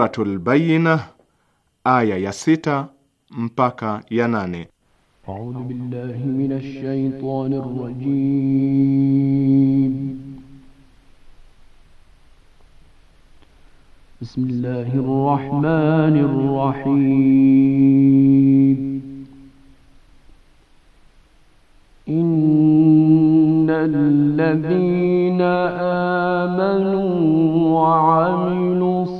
Suratul Bayina aya ya sita mpaka ya nane. A'udhu billahi minash shaitanir rajim. Bismillahir rahmanir rahim. Innal ladhina amanu wa 'amilus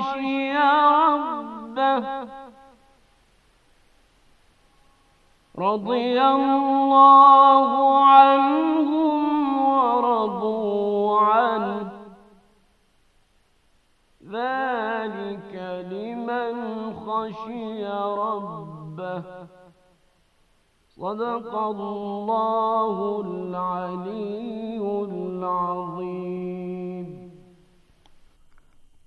خشي ربه رضي الله عنهم ورضوا عنه ذلك لمن خشي ربه صدق الله العلي العظيم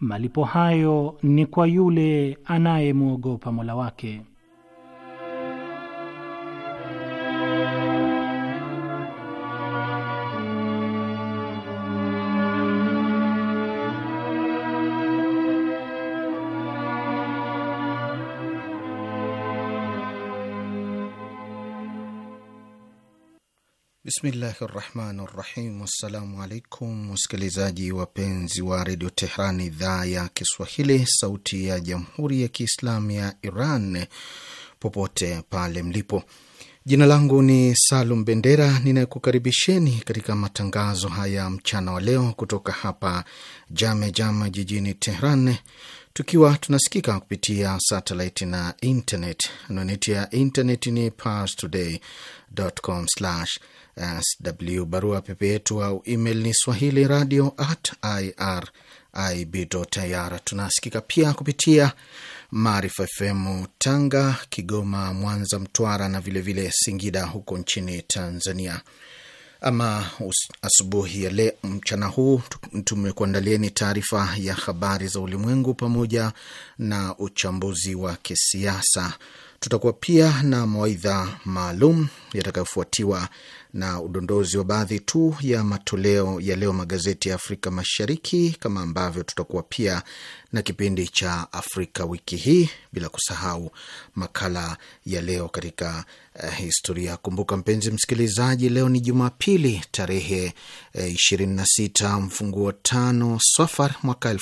Malipo hayo ni kwa yule anayemwogopa Mola wake. Bismillahi rahmani rahim. Wassalamu alaikum wasikilizaji wapenzi wa redio Tehran, idhaa ya Kiswahili, sauti ya jamhuri ya kiislamu ya Iran, popote pale mlipo. Jina langu ni Salum Bendera ninayekukaribisheni katika matangazo haya mchana wa leo kutoka hapa Jame Jama jijini Tehran, tukiwa tunasikika kupitia satellite na internet. Anwani ya internet ni parstoday.com slash sw. Barua pepe yetu au email ni swahili radio at irib.ir. Tunasikika pia kupitia Maarifa FM Tanga, Kigoma, Mwanza, Mtwara na vilevile vile Singida huko nchini Tanzania. Ama asubuhi ya leo, mchana huu tumekuandalieni taarifa ya habari za ulimwengu pamoja na uchambuzi wa kisiasa. Tutakuwa pia na mawaidha maalum yatakayofuatiwa na udondozi wa baadhi tu ya matoleo ya leo magazeti ya Afrika Mashariki, kama ambavyo tutakuwa pia na kipindi cha Afrika wiki hii, bila kusahau makala ya leo katika Eh, historia. Kumbuka mpenzi msikilizaji, leo ni Jumapili tarehe 26 eh, mfunguo tano Safar mwaka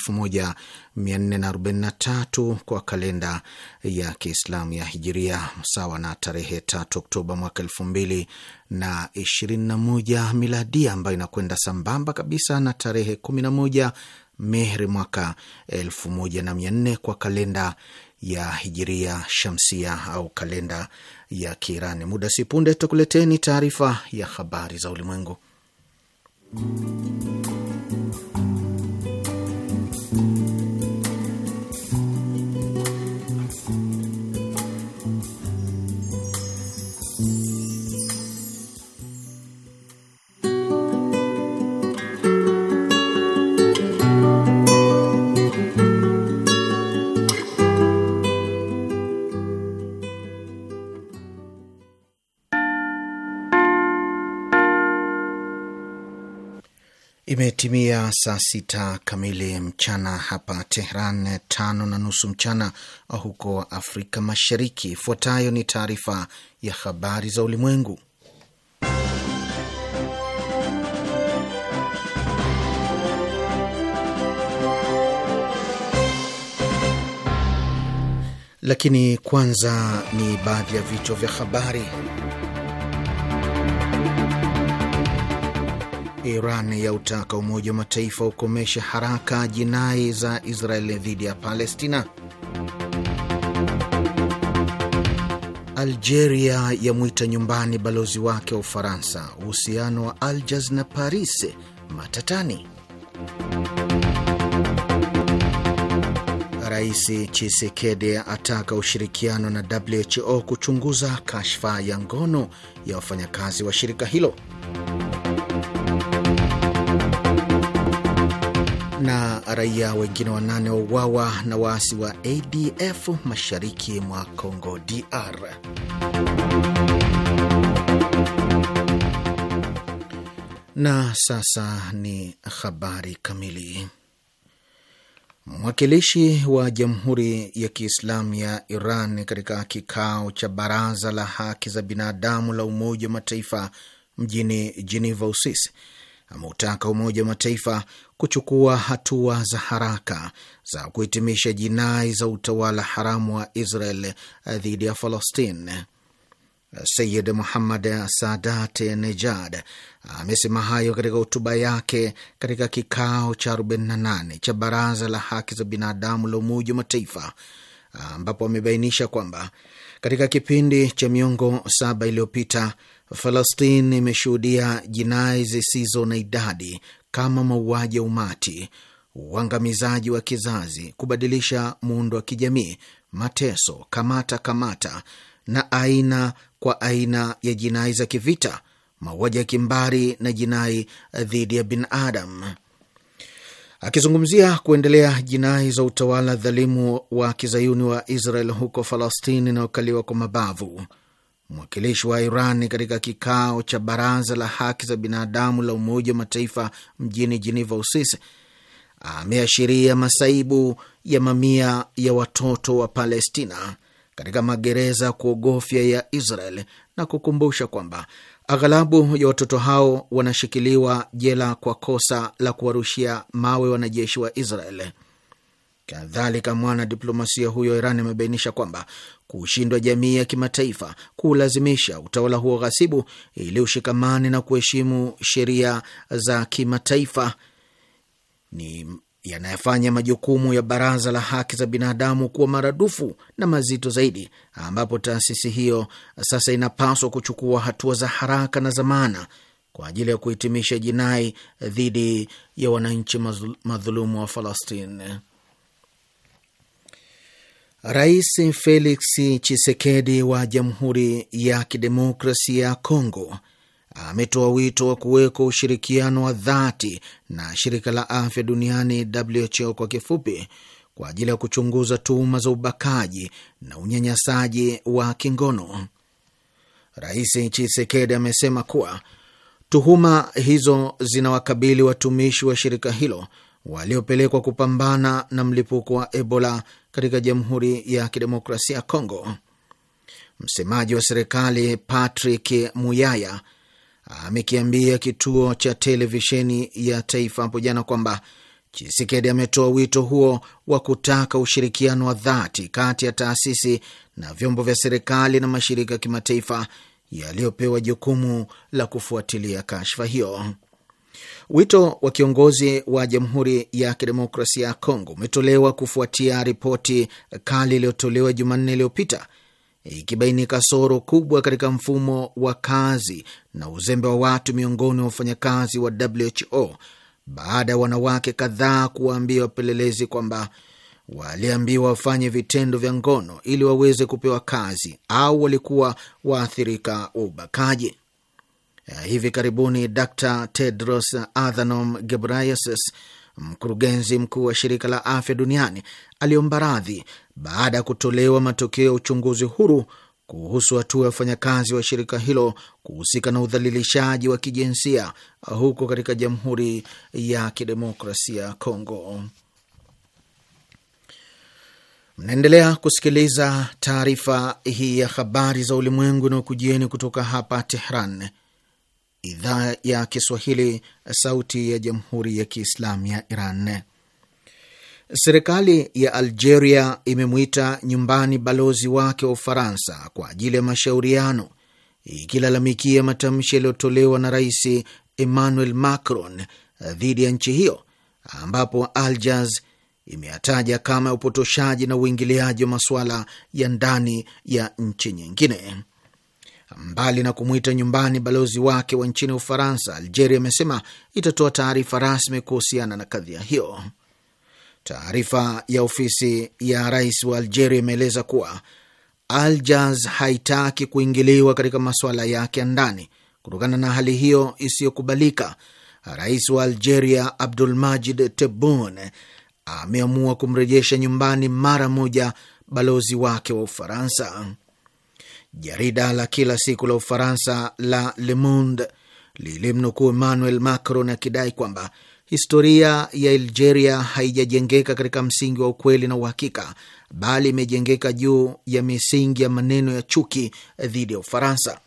1443 kwa kalenda ya Kiislamu ya Hijiria, sawa na tarehe 3 Oktoba mwaka 2021 miladia, ambayo inakwenda sambamba kabisa na tarehe 11 Mehri mwaka 14 kwa kalenda ya hijiria shamsia au kalenda ya Kiirani. Muda si punde tutakuleteni taarifa ya habari za ulimwengu Imetimia saa sita kamili mchana hapa Tehran, tano na nusu mchana huko Afrika Mashariki. Ifuatayo ni taarifa ya habari za ulimwengu, lakini kwanza ni baadhi ya vichwa vya habari. Iran yautaka Umoja wa Mataifa ukomeshe haraka jinai za Israeli dhidi ya Palestina. Algeria yamwita nyumbani balozi wake wa Ufaransa. Uhusiano wa aljaz na Paris matatani. Rais Chisekedi ataka ushirikiano na WHO kuchunguza kashfa ya ngono ya wafanyakazi wa shirika hilo. na raia wengine wanane wauawa na waasi wa ADF mashariki mwa congo DR. Na sasa ni habari kamili. Mwakilishi wa Jamhuri ya Kiislamu ya Iran katika kikao cha Baraza la Haki za Binadamu la Umoja wa Mataifa mjini Geneva, Uswisi ameutaka Umoja wa Mataifa kuchukua hatua za haraka za kuhitimisha jinai za utawala haramu wa Israel eh, dhidi ya Palestina. Sayid Muhammad Sadat Nejad amesema hayo katika hotuba yake katika kikao cha 48 cha Baraza la Haki za Binadamu la Umoja wa Mataifa, ambapo amebainisha kwamba katika kipindi cha miongo saba iliyopita Falastini imeshuhudia jinai zisizo na idadi kama mauaji ya umati, uangamizaji wa kizazi, kubadilisha muundo wa kijamii, mateso, kamata kamata na aina kwa aina ya jinai za kivita, mauaji ya kimbari na jinai dhidi ya binadamu. Akizungumzia kuendelea jinai za utawala dhalimu wa kizayuni wa Israel huko Falastini inayokaliwa kwa mabavu mwakilishi wa Iran katika kikao cha Baraza la Haki za Binadamu la Umoja wa Mataifa mjini Jeneva, Uswisi, ameashiria masaibu ya mamia ya watoto wa Palestina katika magereza kuogofya ya Israel na kukumbusha kwamba aghalabu ya watoto hao wanashikiliwa jela kwa kosa la kuwarushia mawe wanajeshi wa Israel. Kadhalika, mwanadiplomasia huyo Iran amebainisha kwamba kushindwa jamii ya kimataifa kulazimisha utawala huo ghasibu ili ushikamane na kuheshimu sheria za kimataifa ni yanayofanya majukumu ya Baraza la Haki za Binadamu kuwa maradufu na mazito zaidi, ambapo taasisi hiyo sasa inapaswa kuchukua hatua za haraka na za maana kwa ajili ya kuhitimisha jinai dhidi ya wananchi madhulumu wa Falastini. Rais Felix chisekedi wa Jamhuri ya Kidemokrasia ya Kongo ametoa wito wa kuwekwa ushirikiano wa dhati na shirika la afya duniani WHO kwa kifupi, kwa ajili ya kuchunguza tuhuma za ubakaji na unyanyasaji wa kingono. Rais chisekedi amesema kuwa tuhuma hizo zinawakabili watumishi wa shirika hilo waliopelekwa kupambana na mlipuko wa Ebola katika Jamhuri ya Kidemokrasia ya Kongo. Msemaji wa serikali Patrick Muyaya amekiambia kituo cha televisheni ya taifa hapo jana kwamba Chisekedi ametoa wito huo wa kutaka ushirikiano wa dhati kati ya taasisi na vyombo vya serikali na mashirika ya kimataifa yaliyopewa jukumu la kufuatilia kashfa hiyo. Wito wa kiongozi wa Jamhuri ya Kidemokrasia ya Kongo umetolewa kufuatia ripoti kali iliyotolewa Jumanne iliyopita ikibaini kasoro kubwa katika mfumo wa kazi na uzembe wa watu miongoni mwa wafanyakazi wa WHO baada ya wanawake kadhaa kuwaambia wapelelezi kwamba waliambiwa wafanye vitendo vya ngono ili waweze kupewa kazi au walikuwa waathirika wa ubakaji. Eh, hivi karibuni Dr Tedros Adhanom Ghebreyesus, mkurugenzi mkuu wa shirika la afya duniani, aliomba radhi baada ya kutolewa matokeo ya uchunguzi huru kuhusu hatua ya wafanyakazi wa shirika hilo kuhusika na udhalilishaji wa kijinsia huko katika Jamhuri ya Kidemokrasia ya Kongo. Mnaendelea kusikiliza taarifa hii ya habari za ulimwengu na ukujieni kutoka hapa Tehran, idhaa ya Kiswahili, sauti ya jamhuri ya kiislamu ya Iran. Serikali ya Algeria imemwita nyumbani balozi wake wa Ufaransa kwa ajili ya mashauriano, ikilalamikia matamshi yaliyotolewa na Rais Emmanuel Macron dhidi ya nchi hiyo, ambapo Aljaz imeyataja kama upotoshaji na uingiliaji wa masuala ya ndani ya nchi nyingine. Mbali na kumwita nyumbani balozi wake wa nchini Ufaransa, Algeria amesema itatoa taarifa rasmi kuhusiana na kadhia hiyo. Taarifa ya ofisi ya rais wa Algeria imeeleza kuwa Aljaz haitaki kuingiliwa katika masuala yake ya ndani. Kutokana na hali hiyo isiyokubalika, rais wa Algeria Abdulmajid Tebboune ameamua kumrejesha nyumbani mara moja balozi wake wa Ufaransa. Jarida la kila siku la Ufaransa la Le Monde lilimnukuu Emmanuel Macron akidai kwamba historia ya Algeria haijajengeka katika msingi wa ukweli na uhakika, bali imejengeka juu ya misingi ya maneno ya chuki dhidi ya Ufaransa.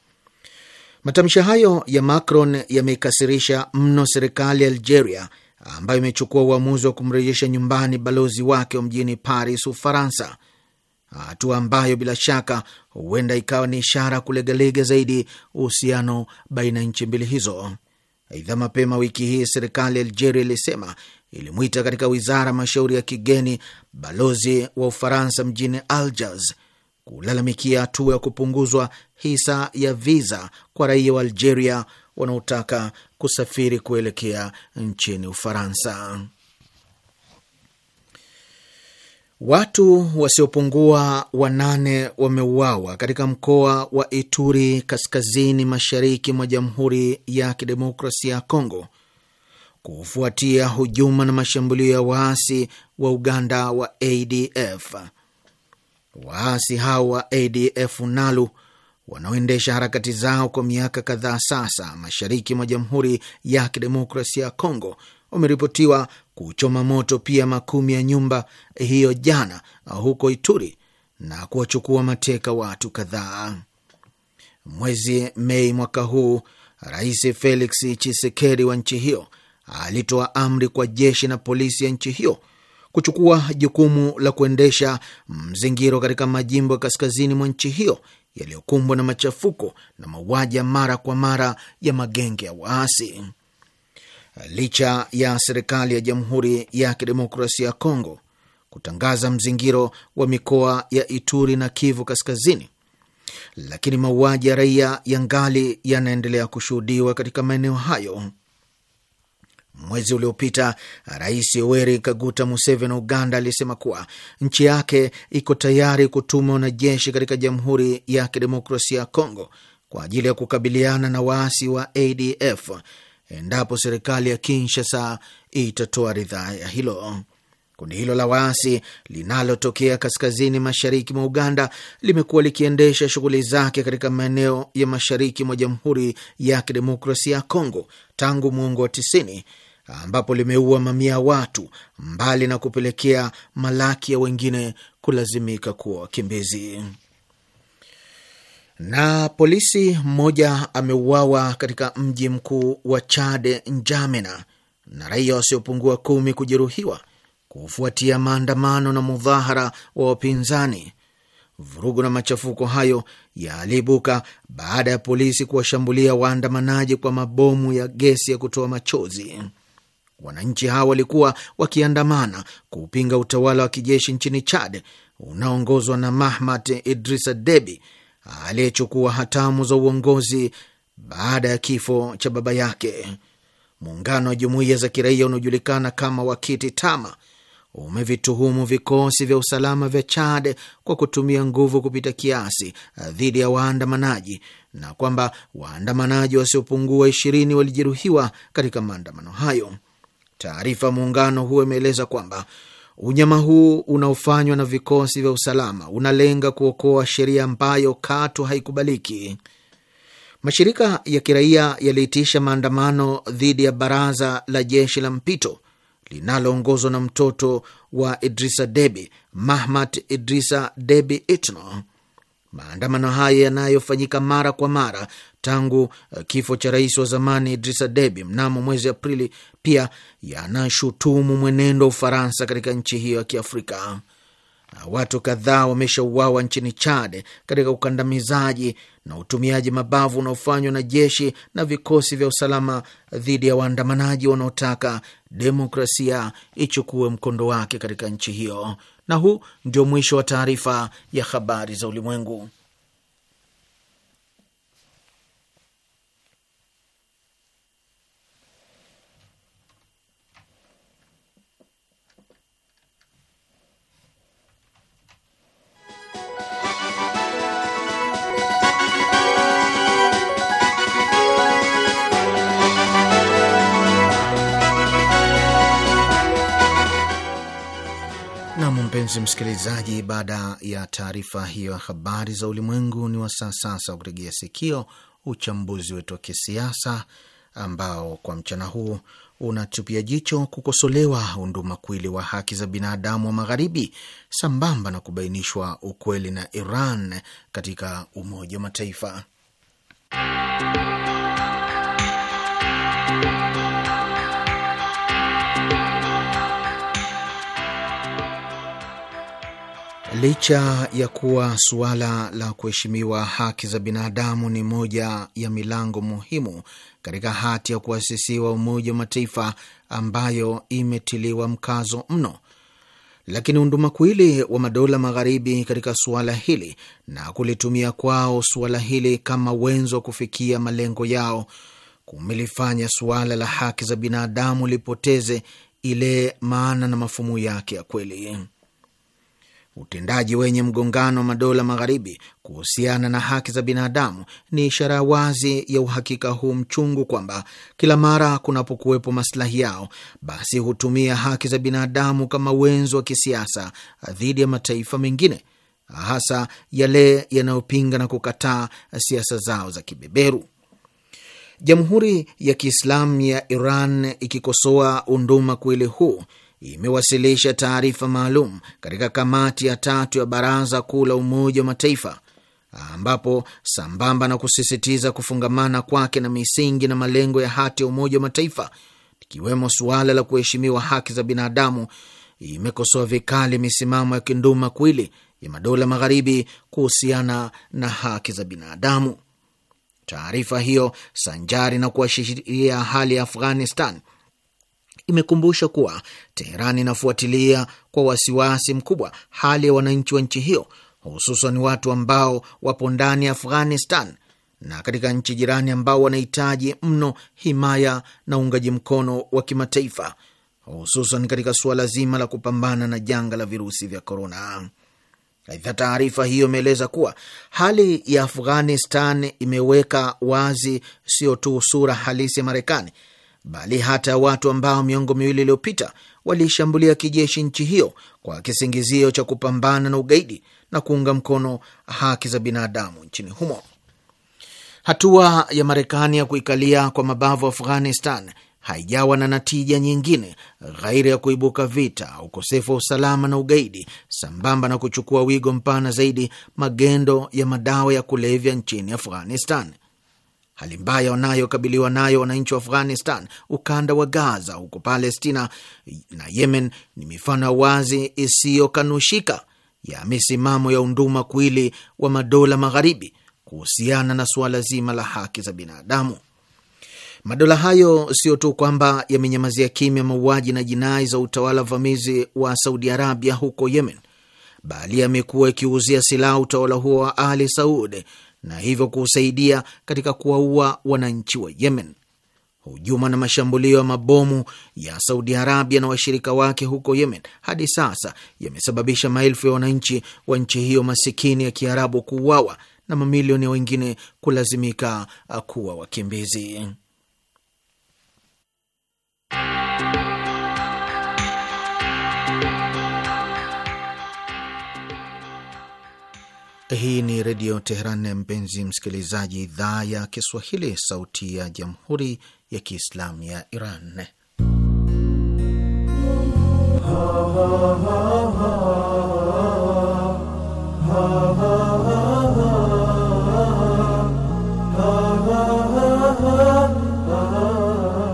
Matamshi hayo ya Macron yameikasirisha mno serikali ya Algeria ambayo imechukua uamuzi wa kumrejesha nyumbani balozi wake mjini Paris, Ufaransa, hatua ambayo bila shaka huenda ikawa ni ishara kulegelege zaidi uhusiano baina ya nchi mbili hizo. Aidha, mapema wiki hii serikali ya Algeria ilisema ilimwita katika wizara mashauri ya kigeni balozi wa Ufaransa mjini Algiers kulalamikia hatua ya kupunguzwa hisa ya viza kwa raia wa Algeria wanaotaka kusafiri kuelekea nchini Ufaransa. Watu wasiopungua wanane wameuawa katika mkoa wa Ituri kaskazini mashariki mwa Jamhuri ya Kidemokrasia ya Kongo kufuatia hujuma na mashambulio ya waasi wa Uganda wa ADF. Waasi hao wa ADF NALU wanaoendesha harakati zao kwa miaka kadhaa sasa mashariki mwa Jamhuri ya Kidemokrasia ya Kongo wameripotiwa kuchoma moto pia makumi ya nyumba hiyo jana huko Ituri na kuwachukua mateka watu kadhaa. Mwezi Mei mwaka huu, Rais Felix Tshisekedi wa nchi hiyo alitoa amri kwa jeshi na polisi ya nchi hiyo kuchukua jukumu la kuendesha mzingiro katika majimbo ya kaskazini mwa nchi hiyo yaliyokumbwa na machafuko na mauaji ya mara kwa mara ya magenge ya waasi licha ya serikali ya Jamhuri ya Kidemokrasia ya Kongo kutangaza mzingiro wa mikoa ya Ituri na Kivu Kaskazini, lakini mauaji ya raia yangali yanaendelea kushuhudiwa katika maeneo hayo. Mwezi uliopita Rais Yoweri Kaguta Museveni wa Uganda alisema kuwa nchi yake iko tayari kutuma wanajeshi katika Jamhuri ya Kidemokrasia ya Kongo kwa ajili ya kukabiliana na waasi wa ADF endapo serikali ya Kinshasa itatoa ridhaa ya hilo. Kundi hilo la waasi linalotokea kaskazini mashariki mwa Uganda limekuwa likiendesha shughuli zake katika maeneo ya mashariki mwa Jamhuri ya Kidemokrasia ya Kongo tangu mwongo wa tisini ambapo limeua mamia ya watu mbali na kupelekea malaki ya wengine kulazimika kuwa wakimbizi. Na polisi mmoja ameuawa katika mji mkuu wa Chad, Njamena, na raia wasiopungua kumi kujeruhiwa kufuatia maandamano na mudhahara wa wapinzani. Vurugu na machafuko hayo yaliibuka baada ya polisi kuwashambulia waandamanaji kwa mabomu ya gesi ya kutoa machozi. Wananchi hawa walikuwa wakiandamana kupinga utawala wa kijeshi nchini Chad unaoongozwa na Mahamat Idrisa Debi aliyechukua hatamu za uongozi baada ya kifo cha baba yake. Muungano wa jumuiya za kiraia unaojulikana kama Wakiti Tama umevituhumu vikosi vya usalama vya Chad kwa kutumia nguvu kupita kiasi dhidi ya waandamanaji na kwamba waandamanaji wasiopungua ishirini walijeruhiwa katika maandamano hayo. Taarifa muungano huo imeeleza kwamba Unyama huu unaofanywa na vikosi vya usalama unalenga kuokoa sheria ambayo katu haikubaliki. Mashirika ya kiraia yaliitisha maandamano dhidi ya baraza la jeshi la mpito linaloongozwa na mtoto wa Idrisa Debi, Mahmat Idrisa Debi Itno. Maandamano haya yanayofanyika mara kwa mara tangu eh, kifo cha rais wa zamani Idrisa Debi mnamo mwezi Aprili pia yanashutumu mwenendo wa Ufaransa katika nchi hiyo ya Kiafrika. Ah, watu kadhaa wameshauawa nchini Chad katika ukandamizaji na utumiaji mabavu unaofanywa na jeshi na vikosi vya usalama dhidi ya waandamanaji wanaotaka demokrasia ichukue mkondo wake katika nchi hiyo. Na huu ndio mwisho wa taarifa ya habari za ulimwengu. Mpenzi msikilizaji, baada ya taarifa hiyo ya habari za ulimwengu, ni wasaa sasa wa kutegea sikio uchambuzi wetu wa kisiasa ambao kwa mchana huu unatupia jicho kukosolewa undumakuwili wa haki za binadamu wa Magharibi sambamba na kubainishwa ukweli na Iran katika Umoja wa Mataifa. Licha ya kuwa suala la kuheshimiwa haki za binadamu ni moja ya milango muhimu katika hati ya kuasisiwa Umoja wa Mataifa ambayo imetiliwa mkazo mno, lakini undumakuwili wa madola magharibi katika suala hili na kulitumia kwao suala hili kama wenzo wa kufikia malengo yao kumelifanya suala la haki za binadamu lipoteze ile maana na mafumu yake ya kweli. Utendaji wenye mgongano wa madola magharibi kuhusiana na haki za binadamu ni ishara wazi ya uhakika huu mchungu kwamba kila mara kunapokuwepo maslahi yao, basi hutumia haki za binadamu kama wenzo wa kisiasa dhidi ya mataifa mengine, hasa yale yanayopinga na kukataa siasa zao za kibeberu. Jamhuri ya Kiislamu ya Iran ikikosoa unduma kwili huu imewasilisha taarifa maalum katika kamati ya tatu ya Baraza Kuu la Umoja wa Mataifa ambapo sambamba na kusisitiza kufungamana kwake na misingi na malengo ya hati ya Umoja wa Mataifa, ikiwemo suala la kuheshimiwa haki za binadamu, imekosoa vikali misimamo ya kinduma kwili ya madola magharibi kuhusiana na haki za binadamu. Taarifa hiyo, sanjari na kuashiria hali ya Afghanistan, imekumbusha kuwa Teherani inafuatilia kwa wasiwasi mkubwa hali ya wananchi wa nchi hiyo, hususan watu ambao wapo ndani ya Afghanistan na katika nchi jirani ambao wanahitaji mno himaya na uungaji mkono wa kimataifa, hususan katika suala zima la kupambana na janga la virusi vya korona. Aidha, taarifa hiyo imeeleza kuwa hali ya Afghanistan imeweka wazi sio tu sura halisi ya Marekani bali hata watu ambao miongo miwili iliyopita waliishambulia kijeshi nchi hiyo kwa kisingizio cha kupambana na ugaidi na kuunga mkono haki za binadamu nchini humo. Hatua ya Marekani ya kuikalia kwa mabavu Afghanistan haijawa na natija nyingine ghairi ya kuibuka vita, ukosefu wa usalama na ugaidi, sambamba na kuchukua wigo mpana zaidi magendo ya madawa ya kulevya nchini Afghanistan hali mbaya wanayokabiliwa nayo wananchi wa Afghanistan, ukanda wa Gaza, huko Palestina na Yemen ni mifano ya wazi isiyokanushika ya misimamo ya unduma kuili wa madola magharibi kuhusiana na suala zima la haki za binadamu. Madola hayo sio tu kwamba yamenyamazia kimya mauaji na jinai za utawala vamizi wa Saudi Arabia huko Yemen, bali yamekuwa ikiuzia silaha utawala huo wa Ali saudi na hivyo kuusaidia katika kuwaua wananchi wa Yemen. Hujuma na mashambulio ya mabomu ya Saudi Arabia na washirika wake huko Yemen hadi sasa yamesababisha maelfu ya wananchi wa nchi hiyo masikini ya Kiarabu kuuawa na mamilioni wengine kulazimika uh, kuwa wakimbizi. Hii ni Redio Teheran, mpenzi msikilizaji, idhaa ya Kiswahili, sauti ya jamhuri ya kiislamu ya Iran.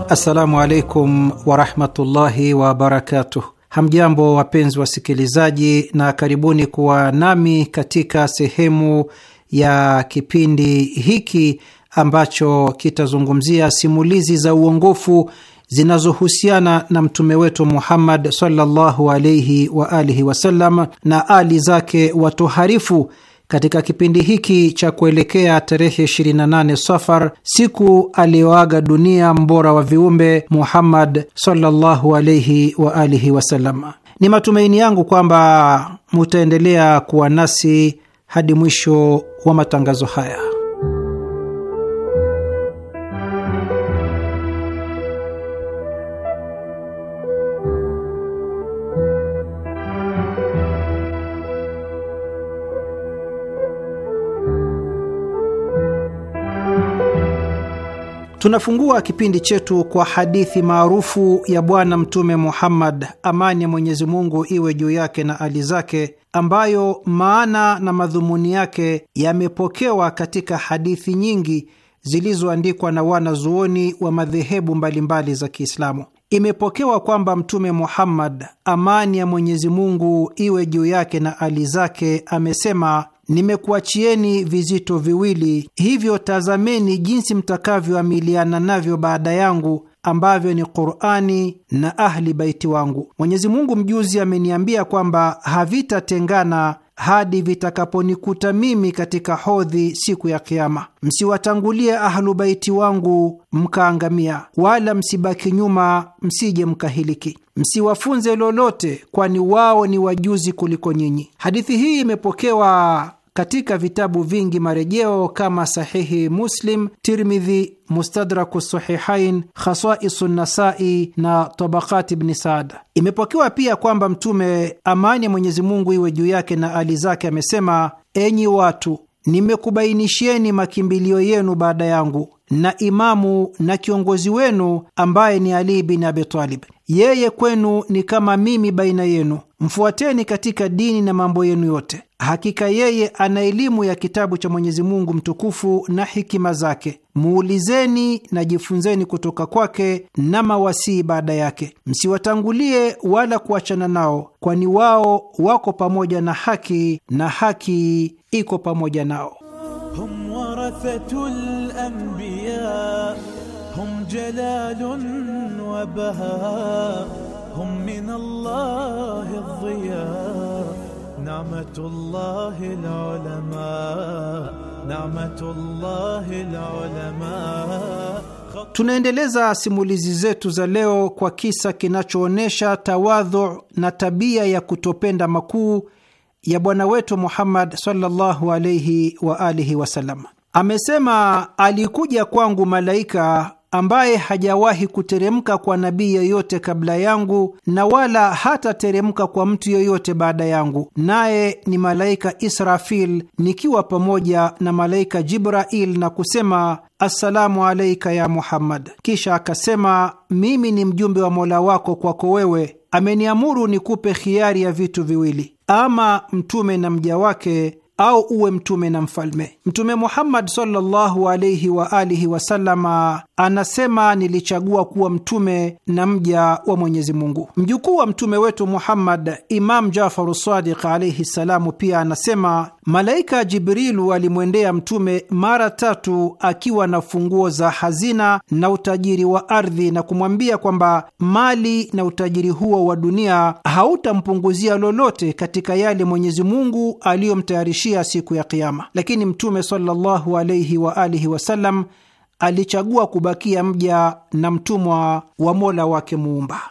Assalamu alaikum warahmatullahi wabarakatuh. Hamjambo, wapenzi wasikilizaji, na karibuni kuwa nami katika sehemu ya kipindi hiki ambacho kitazungumzia simulizi za uongofu zinazohusiana na mtume wetu Muhammad sallallahu alaihi wa alihi wasallam na ali zake watoharifu katika kipindi hiki cha kuelekea tarehe 28 Safar, siku aliyoaga dunia mbora wa viumbe Muhammad sallallahu alaihi wa alihi wasallam, ni matumaini yangu kwamba mutaendelea kuwa nasi hadi mwisho wa matangazo haya. Tunafungua kipindi chetu kwa hadithi maarufu ya Bwana Mtume Muhammad, amani ya Mwenyezi Mungu iwe juu yake na ali zake, ambayo maana na madhumuni yake yamepokewa katika hadithi nyingi zilizoandikwa na wanazuoni wa madhehebu mbalimbali za Kiislamu. Imepokewa kwamba Mtume Muhammad, amani ya Mwenyezi Mungu iwe juu yake na ali zake, amesema nimekuachieni vizito viwili, hivyo tazameni jinsi mtakavyoamiliana navyo baada yangu ambavyo ni Qurani na ahli baiti wangu. Mwenyezi Mungu mjuzi ameniambia kwamba havitatengana hadi vitakaponikuta mimi katika hodhi siku ya Kiama. Msiwatangulie ahlu baiti wangu mkaangamia, wala msibaki nyuma, msije mkahiliki msiwafunze lolote, kwani wao ni wajuzi kuliko nyinyi. Hadithi hii imepokewa katika vitabu vingi marejeo kama Sahihi Muslim, Tirmidhi, Mustadraku Sahihain, Khasaisu Nasai na Tabakati Bni Saada. Imepokewa pia kwamba Mtume, amani ya Mwenyezi Mungu iwe juu yake na ali zake, amesema: enyi watu, nimekubainishieni makimbilio yenu baada yangu, na imamu na kiongozi wenu ambaye ni Ali bin Abi Talib yeye kwenu ni kama mimi baina yenu, mfuateni katika dini na mambo yenu yote. Hakika yeye ana elimu ya kitabu cha Mwenyezi Mungu mtukufu na hikima zake, muulizeni na jifunzeni kutoka kwake na mawasii baada yake, msiwatangulie wala kuachana nao, kwani wao wako pamoja na haki na haki iko pamoja nao. hum warathatul anbiya جلال وبهاء هم من الله الضياء نعمة الله العلماء نعمة الله العلماء Tunaendeleza simulizi zetu za leo kwa kisa kinachoonyesha tawadhu na tabia ya kutopenda makuu ya bwana wetu Muhammad sallallahu alayhi wa alihi wasallam. Amesema, alikuja kwangu malaika ambaye hajawahi kuteremka kwa nabii yoyote kabla yangu na wala hatateremka kwa mtu yoyote baada yangu, naye ni malaika Israfil nikiwa pamoja na malaika Jibrail na kusema, assalamu alaika ya Muhammad. Kisha akasema, mimi ni mjumbe wa Mola wako kwako wewe, ameniamuru nikupe khiari ya vitu viwili, ama mtume na mja wake au uwe mtume na mfalme. Mtume Muhammad sallallahu alaihi wa alihi wasallama anasema, nilichagua kuwa mtume na mja wa Mwenyezi Mungu. Mjukuu wa mtume wetu Muhammad, Imam Jafaru Sadiq alaihi ssalamu, pia anasema malaika Jibrilu alimwendea mtume mara tatu akiwa na funguo za hazina na utajiri wa ardhi na kumwambia kwamba mali na utajiri huo wa dunia hautampunguzia lolote katika yale Mwenyezi Mungu aliyomtayarisha kutimishia siku ya Kiama. Lakini Mtume sallallahu alaihi wa alihi wasallam alichagua kubakia mja na mtumwa wa Mola wake Muumba.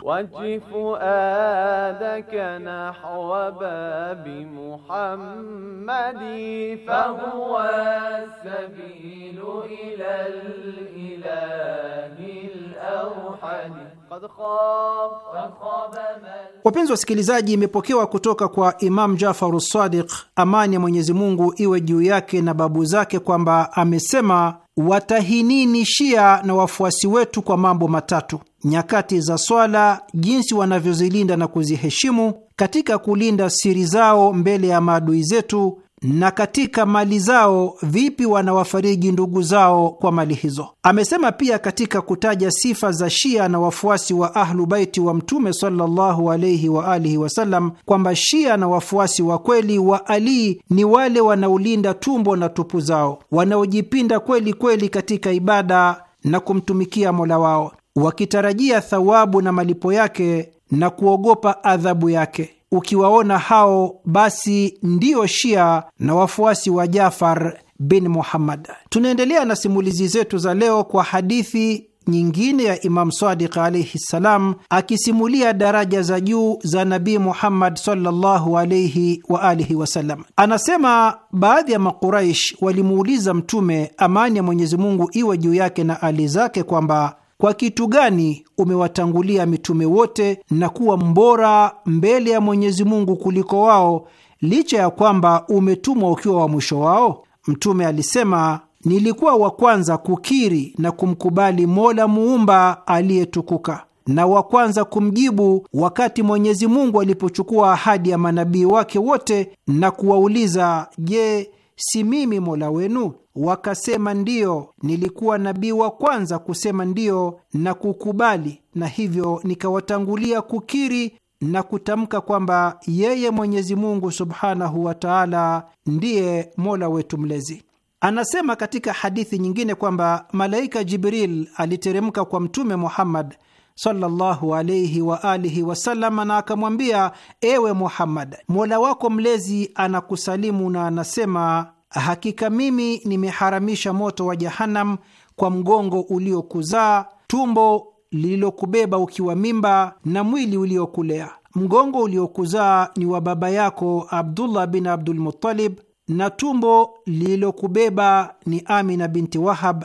Wapenzi wasikilizaji, imepokewa kutoka kwa Imam Jafaru Sadiq, amani ya Mwenyezi Mungu iwe juu yake na babu zake, kwamba amesema watahinini Shia na wafuasi wetu kwa mambo matatu: nyakati za swala, jinsi wanavyozilinda na kuziheshimu, katika kulinda siri zao mbele ya maadui zetu, na katika mali zao vipi wanawafariji ndugu zao kwa mali hizo. Amesema pia katika kutaja sifa za Shia na wafuasi wa Ahlu Baiti wa Mtume sallallahu alaihi wa alihi wasallam kwamba Shia na wafuasi wa kweli wa Ali ni wale wanaolinda tumbo na tupu zao, wanaojipinda kweli kweli katika ibada na kumtumikia Mola wao wakitarajia thawabu na malipo yake na kuogopa adhabu yake ukiwaona hao basi ndiyo Shia na wafuasi wa Jafar bin Muhammad. Tunaendelea na simulizi zetu za leo kwa hadithi nyingine ya Imam Sadiq alaihi ssalam, akisimulia daraja za juu za Nabii Muhammad sallallahu alaihi wa alihi wasallam. Anasema baadhi ya Makuraish walimuuliza Mtume, amani ya Mwenyezi Mungu iwe juu yake na ali zake, kwamba kwa kitu gani umewatangulia mitume wote na kuwa mbora mbele ya Mwenyezi Mungu kuliko wao, licha ya kwamba umetumwa ukiwa wa mwisho wao? Mtume alisema, nilikuwa wa kwanza kukiri na kumkubali Mola muumba aliyetukuka na wa kwanza kumjibu wakati Mwenyezi Mungu alipochukua ahadi ya manabii wake wote na kuwauliza, je, si mimi mola wenu? Wakasema ndiyo, nilikuwa nabii wa kwanza kusema ndiyo na kukubali, na hivyo nikawatangulia kukiri na kutamka kwamba yeye Mwenyezi Mungu subhanahu wa taala ndiye mola wetu mlezi. Anasema katika hadithi nyingine kwamba malaika Jibril aliteremka kwa Mtume Muhammad sallallahu alayhi wa alihi wasallam, na akamwambia: ewe Muhammad, mola wako mlezi anakusalimu na anasema, hakika mimi nimeharamisha moto wa Jahanam kwa mgongo uliokuzaa, tumbo lililokubeba ukiwa mimba na mwili uliokulea. Mgongo uliokuzaa ni wa baba yako Abdullah bin Abdul Muttalib, na tumbo lililokubeba ni Amina binti Wahab,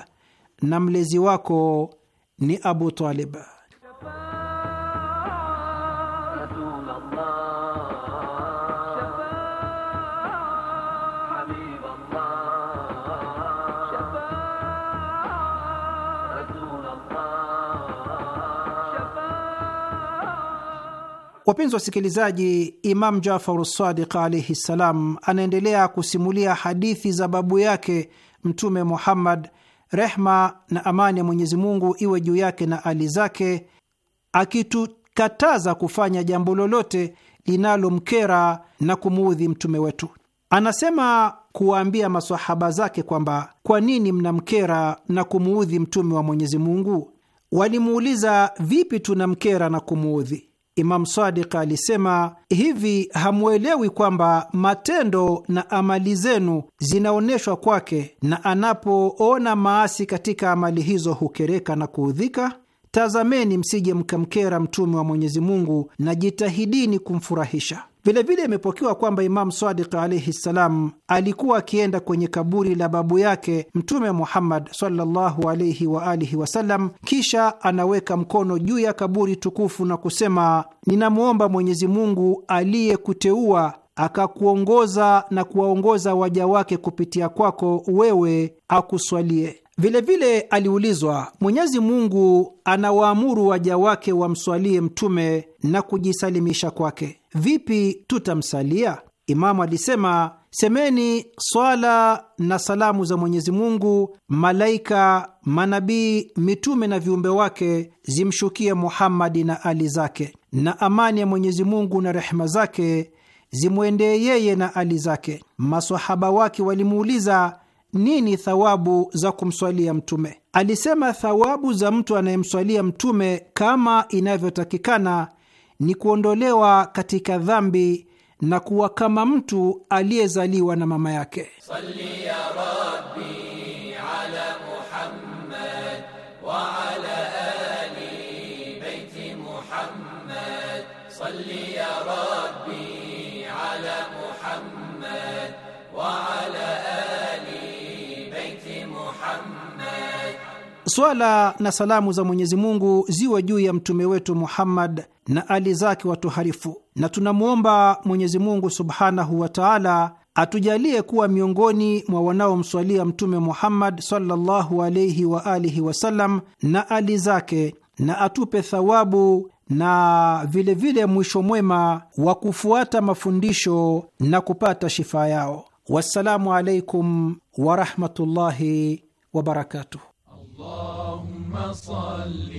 na mlezi wako ni Abu Talib. Wapenzi wasikilizaji, Imam Jafar Sadiq alaihi ssalam anaendelea kusimulia hadithi za babu yake Mtume Muhammad, rehma na amani ya Mwenyezi Mungu iwe juu yake na ali zake, akitukataza kufanya jambo lolote linalomkera na kumuudhi mtume wetu. Anasema kuwaambia masahaba zake kwamba kwa nini mnamkera na kumuudhi mtume wa Mwenyezi Mungu? Walimuuliza, vipi tunamkera na kumuudhi? Imam Sadiq alisema hivi, hamwelewi kwamba matendo na amali zenu zinaonyeshwa kwake, na anapoona maasi katika amali hizo hukereka na kuudhika? Tazameni msije mkamkera mtume wa Mwenyezi Mungu na jitahidini kumfurahisha. Vilevile imepokewa kwamba Imamu Sadiq alaihi ssalam alikuwa akienda kwenye kaburi la babu yake Mtume Muhammad sallallahu alaihi alihi wasallam, kisha anaweka mkono juu ya kaburi tukufu na kusema, ninamwomba Mwenyezi Mungu aliyekuteua akakuongoza na kuwaongoza waja wake kupitia kwako wewe akuswalie. Vilevile aliulizwa, Mwenyezi Mungu anawaamuru waja wake wamswalie mtume na kujisalimisha kwake, vipi tutamsalia? Imamu alisema, semeni swala na salamu za Mwenyezi Mungu, malaika, manabii, mitume na viumbe wake zimshukie Muhammadi na ali zake, na amani ya Mwenyezi Mungu na rehema zake zimwendee yeye na ali zake. Masahaba wake walimuuliza nini thawabu za kumswalia Mtume. Alisema thawabu za mtu anayemswalia Mtume kama inavyotakikana ni kuondolewa katika dhambi na kuwa kama mtu aliyezaliwa na mama yake. Salli ya Rabbi. Salli ya Rabbi ala Muhammad Swala na salamu za Mwenyezi Mungu ziwe juu ya mtume wetu Muhammad na ali zake watuharifu, na tunamwomba Mwenyezi Mungu subhanahu wa taala atujalie kuwa miongoni mwa wanaomswalia Mtume Muhammad sallallahu alaihi wa alihi wasallam na ali zake, na atupe thawabu na vilevile vile mwisho mwema wa kufuata mafundisho na kupata shifaa yao. Wassalamu alaikum warahmatullahi wabarakatuh. اللهم صل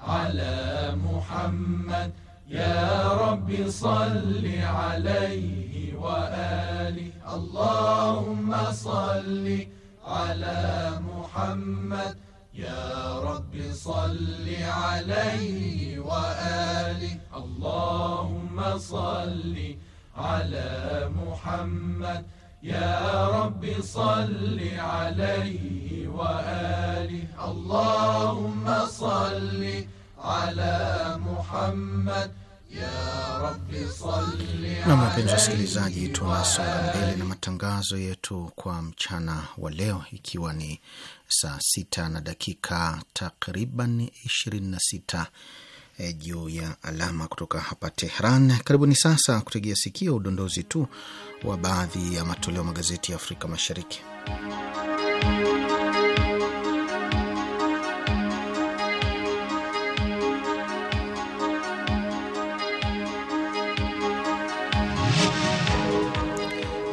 على محمد يا رب صل عليه وآله اللهم صل على محمد يا رب صل عليه وآله اللهم صل على محمد يا رب صل عليه وآله اللهم صل على محمد Nam, wapenzi wasikilizaji, tunasonga mbele na matangazo yetu kwa mchana wa leo, ikiwa ni saa sita na dakika takriban ishirini na sita e, juu ya alama kutoka hapa Tehran. Karibuni sasa kutegea sikio udondozi tu wa baadhi ya matoleo magazeti ya Afrika Mashariki.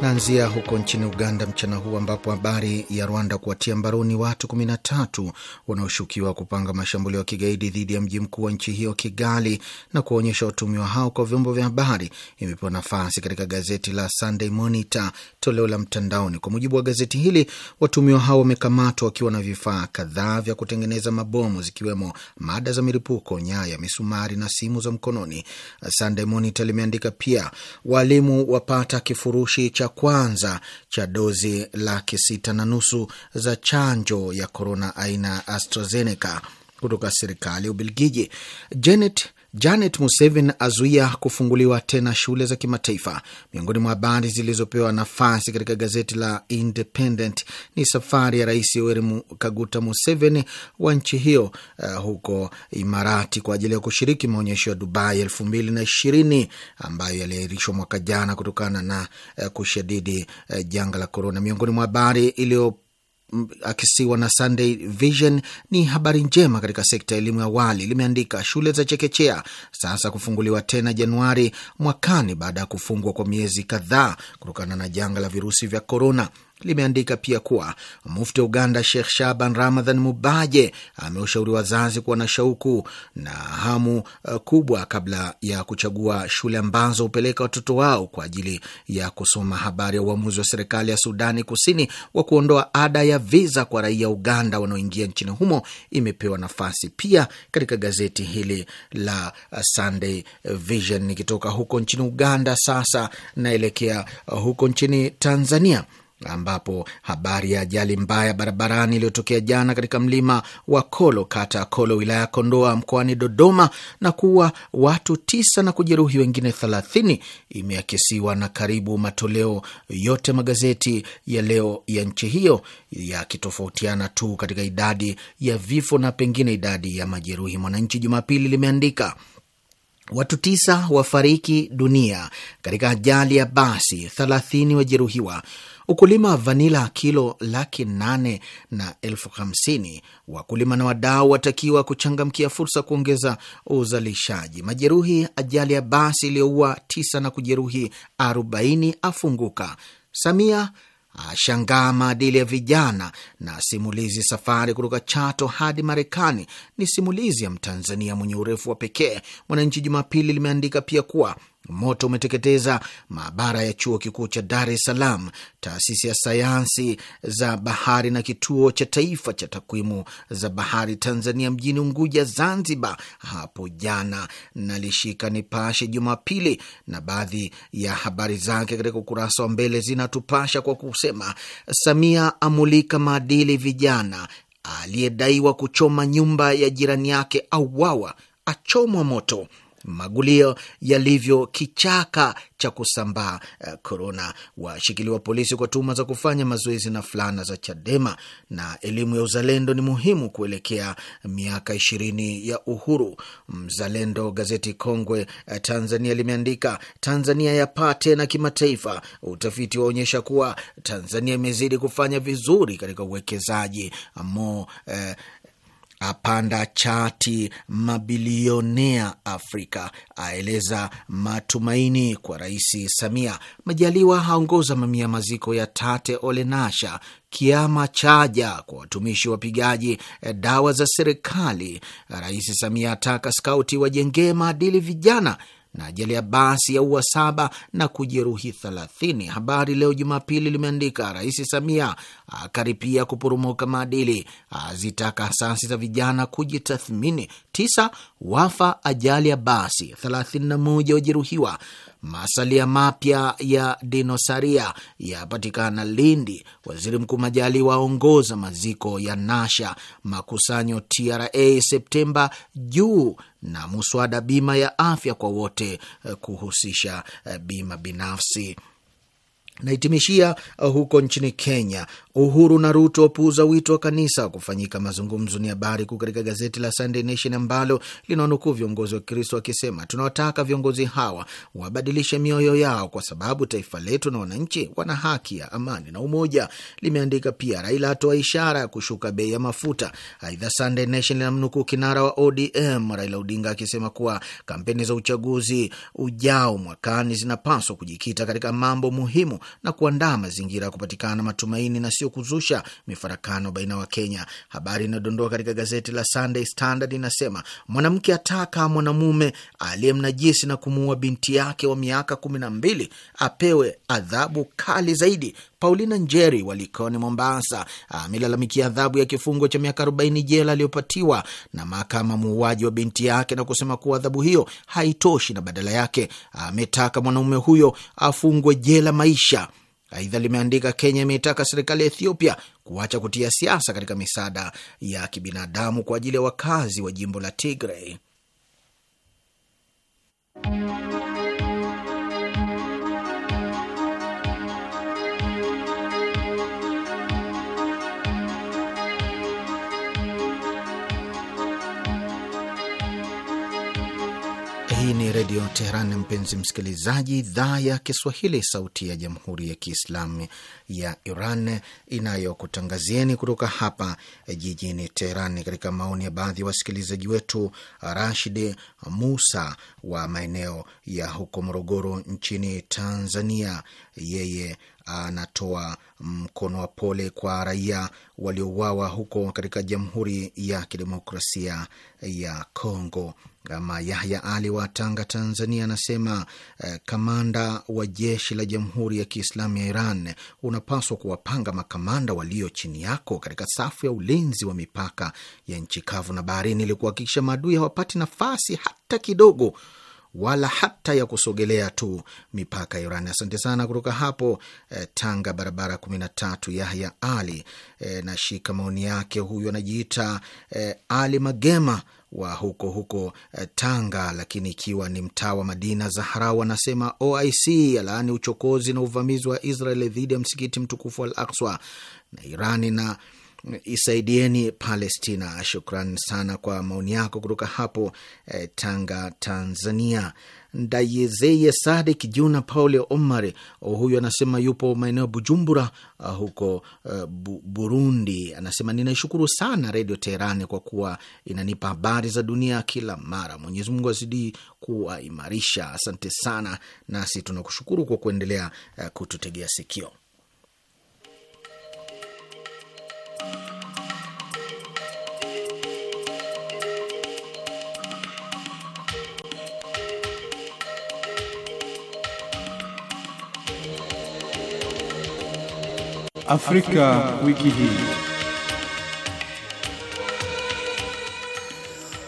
Naanzia huko nchini Uganda mchana huu ambapo habari ya Rwanda kuwatia mbaroni watu 13 wanaoshukiwa kupanga mashambulio ya kigaidi dhidi ya mji mkuu wa nchi hiyo Kigali, na kuwaonyesha watumiwa hao kwa vyombo vya habari imepewa nafasi katika gazeti la Sunday Monitor toleo la mtandaoni. Kwa mujibu wa gazeti hili, watumiwa hao wamekamatwa wakiwa na vifaa kadhaa vya kutengeneza mabomu zikiwemo mada za milipuko, nyaya, misumari na simu za mkononi. Sunday Monitor limeandika pia walimu wapata kifurushi cha kwanza cha dozi laki sita na nusu za chanjo ya korona aina ya AstraZeneca kutoka serikali ya Ubelgiji. Janet Janet Museveni azuia kufunguliwa tena shule za kimataifa. Miongoni mwa habari zilizopewa nafasi katika gazeti la Independent ni safari ya Rais Yoweri Kaguta Museveni wa nchi hiyo uh, huko Imarati kwa ajili ya kushiriki maonyesho ya Dubai elfu mbili na ishirini ambayo yaliahirishwa mwaka jana kutokana na uh, kushadidi uh, janga la korona. Miongoni mwa habari iliyo akisiwa na Sunday Vision ni habari njema katika sekta ya elimu ya awali. Limeandika shule za chekechea sasa kufunguliwa tena Januari mwakani baada ya kufungwa kwa miezi kadhaa kutokana na janga la virusi vya korona limeandika pia kuwa mufti wa Uganda Sheikh Shaban Ramadhan Mubaje ameushauri wazazi kuwa na shauku na hamu eh, kubwa kabla ya kuchagua shule ambazo hupeleka watoto wao kwa ajili ya kusoma, habari ya uamuzi wa serikali ya Sudani Kusini wa kuondoa ada ya viza kwa raia Uganda wanaoingia nchini humo imepewa nafasi pia katika gazeti hili la eh, Sunday Vision. Nikitoka huko nchini Uganda sasa naelekea eh, huko nchini Tanzania ambapo habari ya ajali mbaya barabarani iliyotokea jana katika mlima wa Kolo, kata ya Kolo, wilaya ya Kondoa, mkoani Dodoma, na kuua watu tisa na kujeruhi wengine thelathini imeakisiwa na karibu matoleo yote magazeti ya leo ya nchi hiyo, yakitofautiana tu katika idadi ya vifo na pengine idadi ya majeruhi. Mwananchi Jumapili limeandika Watu tisa wafariki dunia katika ajali ya basi, thelathini wajeruhiwa. Ukulima wa vanila kilo laki nane na elfu hamsini. Wakulima na wadau watakiwa kuchangamkia fursa kuongeza uzalishaji. Majeruhi ajali ya basi iliyoua tisa na kujeruhi arobaini afunguka. Samia ashangaa maadili ya vijana na simulizi. Safari kutoka Chato hadi Marekani ni simulizi ya Mtanzania mwenye urefu wa pekee. Mwananchi Jumapili limeandika pia kuwa Moto umeteketeza maabara ya chuo kikuu cha Dar es Salaam, taasisi ya sayansi za bahari na kituo cha taifa cha takwimu za bahari Tanzania mjini Unguja, Zanzibar, hapo jana. Nalishika Nipashe Jumapili, na baadhi ya habari zake katika ukurasa wa mbele zinatupasha kwa kusema, Samia amulika maadili vijana, aliyedaiwa kuchoma nyumba ya jirani yake wawa achomwa moto magulio yalivyo kichaka cha kusambaa uh, eh, korona. Washikiliwa polisi kwa tuhuma za kufanya mazoezi na fulana za Chadema. Na elimu ya uzalendo ni muhimu kuelekea miaka ishirini ya uhuru. Mzalendo, gazeti kongwe eh, Tanzania, limeandika Tanzania yapaa tena kimataifa. Utafiti waonyesha kuwa Tanzania imezidi kufanya vizuri katika uwekezaji mo eh, apanda chati mabilionea Afrika, aeleza matumaini kwa Rais Samia. Majaliwa haongoza mamia maziko ya Tate Olenasha. Kiama chaja kwa watumishi wapigaji eh, dawa za serikali. Rais Samia ataka skauti wajengee maadili vijana na ajali ya basi ya ua saba na kujeruhi thelathini. Habari Leo Jumapili limeandika Rais Samia akaripia kuporomoka maadili, azitaka asasi za vijana kujitathmini. Tisa wafa ajali ya basi, thelathini na moja wajeruhiwa masalia mapya ya dinosaria yapatikana Lindi. Waziri Mkuu Majaliwa aongoza maziko ya Nasha. Makusanyo TRA Septemba juu na muswada bima ya afya kwa wote eh, kuhusisha eh, bima binafsi. Nahitimishia uh, huko nchini Kenya. Uhuru na Ruto wapuuza wito wa kanisa wa kufanyika mazungumzo, ni habari kuu katika gazeti la Sunday Nation ambalo linaonukuu viongozi wa Kristo wakisema, tunawataka viongozi hawa wabadilishe mioyo yao kwa sababu taifa letu na wananchi wana haki ya amani na umoja. Limeandika pia Raila atoa ishara ya kushuka bei ya mafuta. Aidha, Sunday Nation linamnukuu kinara wa ODM Raila Odinga akisema kuwa kampeni za uchaguzi ujao mwakani zinapaswa kujikita katika mambo muhimu na kuandaa mazingira ya kupatikana matumaini na sio kuzusha mifarakano baina wa kenya Habari inayodondoka katika gazeti la Sunday Standard inasema mwanamke ataka mwanamume aliyemnajisi na kumuua binti yake wa miaka kumi na mbili apewe adhabu kali zaidi Paulina Njeri wa Likoni, Mombasa, amelalamikia adhabu ya kifungo cha miaka 40 jela aliyopatiwa na mahakama muuaji wa binti yake na kusema kuwa adhabu hiyo haitoshi na badala yake ametaka mwanaume huyo afungwe jela maisha. Aidha, limeandika Kenya imeitaka serikali ya Ethiopia kuacha kutia siasa katika misaada ya kibinadamu kwa ajili ya wakazi wa jimbo la Tigray. Hii ni Redio Teheran, mpenzi msikilizaji, idhaa ya Kiswahili, sauti ya Jamhuri ya Kiislamu ya Iran inayokutangazieni kutoka hapa jijini Teheran. Katika maoni ya baadhi ya wa wasikilizaji wetu, Rashid Musa wa maeneo ya huko Morogoro nchini Tanzania, yeye anatoa mkono wa pole kwa raia waliouawa huko katika Jamhuri ya Kidemokrasia ya Kongo. ama Yahya Ali wa Tanga, Tanzania, anasema eh, kamanda wa jeshi la Jamhuri ya Kiislamu ya Iran, unapaswa kuwapanga makamanda walio chini yako katika safu ya ulinzi wa mipaka ya nchi kavu na baharini ili kuhakikisha maadui hawapati nafasi hata kidogo wala hata ya kusogelea tu mipaka ya Iran. Asante sana kutoka hapo eh, Tanga, barabara kumi na tatu, Yahya Ali. Eh, nashika maoni yake huyu, anajiita eh, Ali Magema wa huko huko eh, Tanga, lakini ikiwa ni mtaa wa Madina Zaharau. Anasema OIC yalaani uchokozi na uvamizi wa Israel dhidi ya msikiti mtukufu Al Akswa na Irani na isaidieni Palestina. Shukran sana kwa maoni yako kutoka hapo eh, Tanga, Tanzania. Ndayezeye sadik juna paul Omar, oh, huyu anasema yupo maeneo ya Bujumbura ah, huko uh, bu, Burundi. Anasema ninaishukuru sana Redio teheran kwa kuwa inanipa habari za dunia kila mara. Mwenyezi Mungu azidi kuwaimarisha. Asante sana, nasi tunakushukuru kwa kuendelea uh, kututegea sikio. Afrika, wiki hii.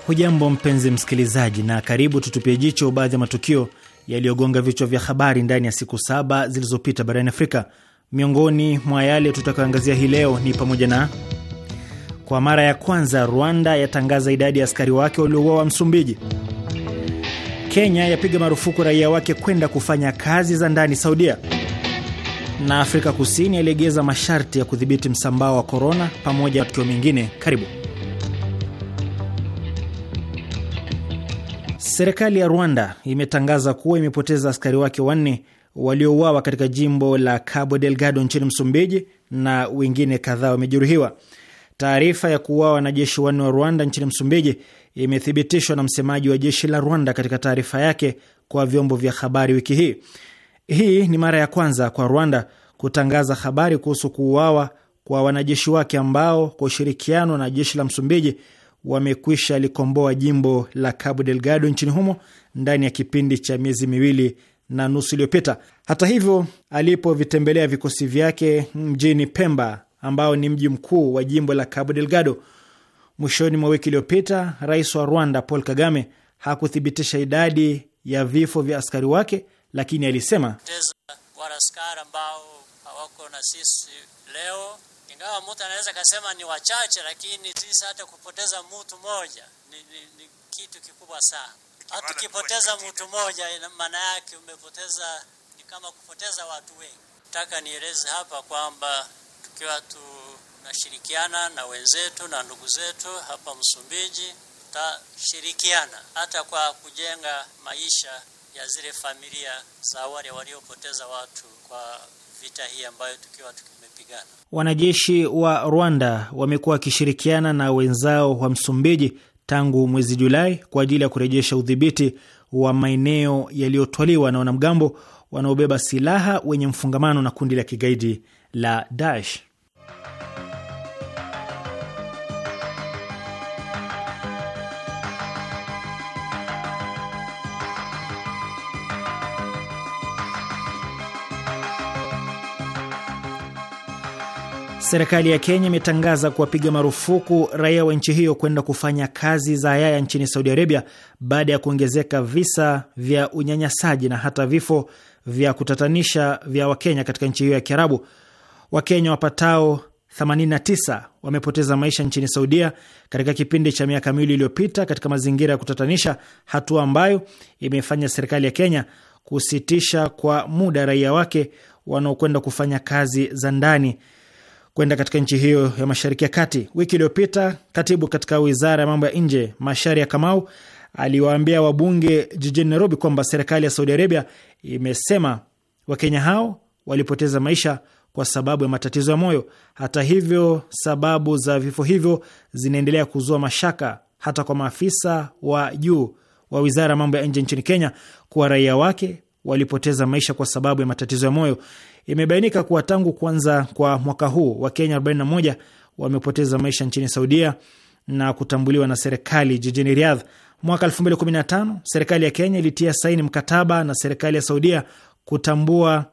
Hujambo mpenzi msikilizaji, na karibu tutupie jicho baadhi ya matukio yaliyogonga vichwa vya habari ndani ya siku saba zilizopita barani Afrika. Miongoni mwa yale tutakayoangazia hii leo ni pamoja na kwa mara ya kwanza Rwanda yatangaza idadi ya askari wake waliouawa Msumbiji, Kenya yapiga marufuku raia wake kwenda kufanya kazi za ndani Saudia, na Afrika Kusini aliegeza masharti ya kudhibiti msambao wa korona, pamoja na matukio mengine. Karibu. Serikali ya Rwanda imetangaza kuwa imepoteza askari wake wanne waliouawa katika jimbo la Cabo Delgado nchini Msumbiji na wengine kadhaa wamejeruhiwa. Taarifa ya kuuawa wanajeshi wanne wa Rwanda nchini Msumbiji imethibitishwa na msemaji wa jeshi la Rwanda katika taarifa yake kwa vyombo vya habari wiki hii. Hii ni mara ya kwanza kwa Rwanda kutangaza habari kuhusu kuuawa kwa wanajeshi wake ambao kwa ushirikiano na jeshi la Msumbiji wamekwisha likomboa jimbo la Cabo Delgado nchini humo ndani ya kipindi cha miezi miwili na nusu iliyopita. Hata hivyo, alipovitembelea vikosi vyake mjini Pemba ambao ni mji mkuu wa jimbo la Cabo Delgado mwishoni mwa wiki iliyopita, rais wa Rwanda Paul Kagame hakuthibitisha idadi ya vifo vya askari wake lakini alisema wanaskari ambao hawako na sisi leo, ingawa mtu anaweza kasema ni wachache, lakini sisi hata kupoteza mtu moja ni, ni, ni kitu kikubwa sana. Hata ukipoteza mtu moja, maana yake umepoteza, ni kama kupoteza watu wengi. Nataka nieleze hapa kwamba tukiwa tunashirikiana na wenzetu na ndugu zetu hapa Msumbiji, tutashirikiana hata kwa kujenga maisha ya zile familia za wale waliopoteza watu kwa vita hii ambayo tukiwa tumepigana. Wanajeshi wa Rwanda wamekuwa wakishirikiana na wenzao wa Msumbiji tangu mwezi Julai kwa ajili ya kurejesha udhibiti wa maeneo yaliyotwaliwa na wanamgambo wanaobeba silaha wenye mfungamano na kundi la kigaidi la Daesh. Serikali ya Kenya imetangaza kuwapiga marufuku raia wa nchi hiyo kwenda kufanya kazi za yaya nchini Saudi Arabia baada ya kuongezeka visa vya unyanyasaji na hata vifo vya kutatanisha vya Wakenya katika nchi hiyo ya Kiarabu. Wakenya wapatao 89 wamepoteza maisha nchini Saudia katika kipindi cha miaka miwili iliyopita katika mazingira ya kutatanisha, hatua ambayo imefanya serikali ya Kenya kusitisha kwa muda raia wake wanaokwenda kufanya kazi za ndani kwenda katika nchi hiyo ya Mashariki ya Kati. Wiki iliyopita, katibu katika wizara ya mambo ya nje Masharia Kamau aliwaambia wabunge jijini Nairobi kwamba serikali ya Saudi Arabia imesema Wakenya hao walipoteza maisha kwa sababu ya matatizo ya moyo. Hata hivyo, sababu za vifo hivyo zinaendelea kuzua mashaka hata kwa maafisa wa juu wa wizara ya mambo ya nje nchini Kenya kuwa raia wake walipoteza maisha kwa sababu ya matatizo ya moyo. Imebainika kuwa tangu kuanza kwa mwaka huu Wakenya 41 wamepoteza maisha nchini Saudia na kutambuliwa na serikali jijini Riyadh. Mwaka 2015 serikali ya Kenya ilitia saini mkataba na serikali ya Saudia kutambua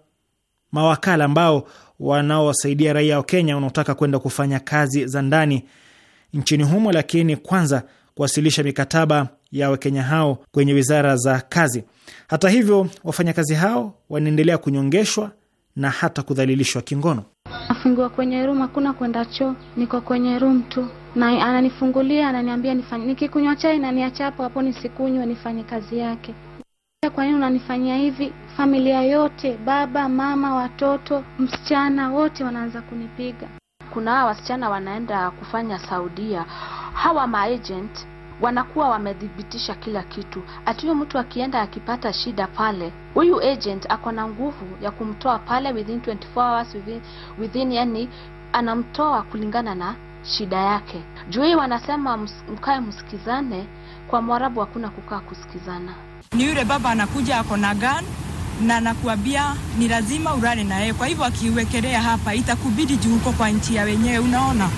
mawakala ambao wanaowasaidia raia wa Kenya wanaotaka kwenda kufanya kazi za ndani nchini humo, lakini kwanza kuwasilisha mikataba ya Wakenya hao kwenye wizara za kazi. Hata hivyo, wafanyakazi hao wanaendelea kunyongeshwa na hata kudhalilishwa kingono. Nafungiwa kwenye rum hakuna kwenda choo, niko kwenye rum tu, na ananifungulia ananiambia nifanye, nikikunywa chai naniacha hapo hapo, nisikunywe nifanye kazi yake. Kwa nini unanifanyia hivi? Familia yote, baba, mama, watoto, msichana, wote wanaanza kunipiga. Kuna hawa wasichana wanaenda kufanya Saudia, hawa maagent wanakuwa wamethibitisha kila kitu, atiyo mtu akienda akipata shida pale, huyu agent ako na nguvu ya kumtoa pale within 24 hours, within, within yani anamtoa kulingana na shida yake. Juu hii wanasema mkae msikizane, kwa mwarabu hakuna kukaa kusikizana. Ni yule baba anakuja ako na gan na nakuambia ni lazima urane na yeye. Kwa hivyo akiwekelea hapa, itakubidi juu huko kwa nchi ya wenyewe, unaona.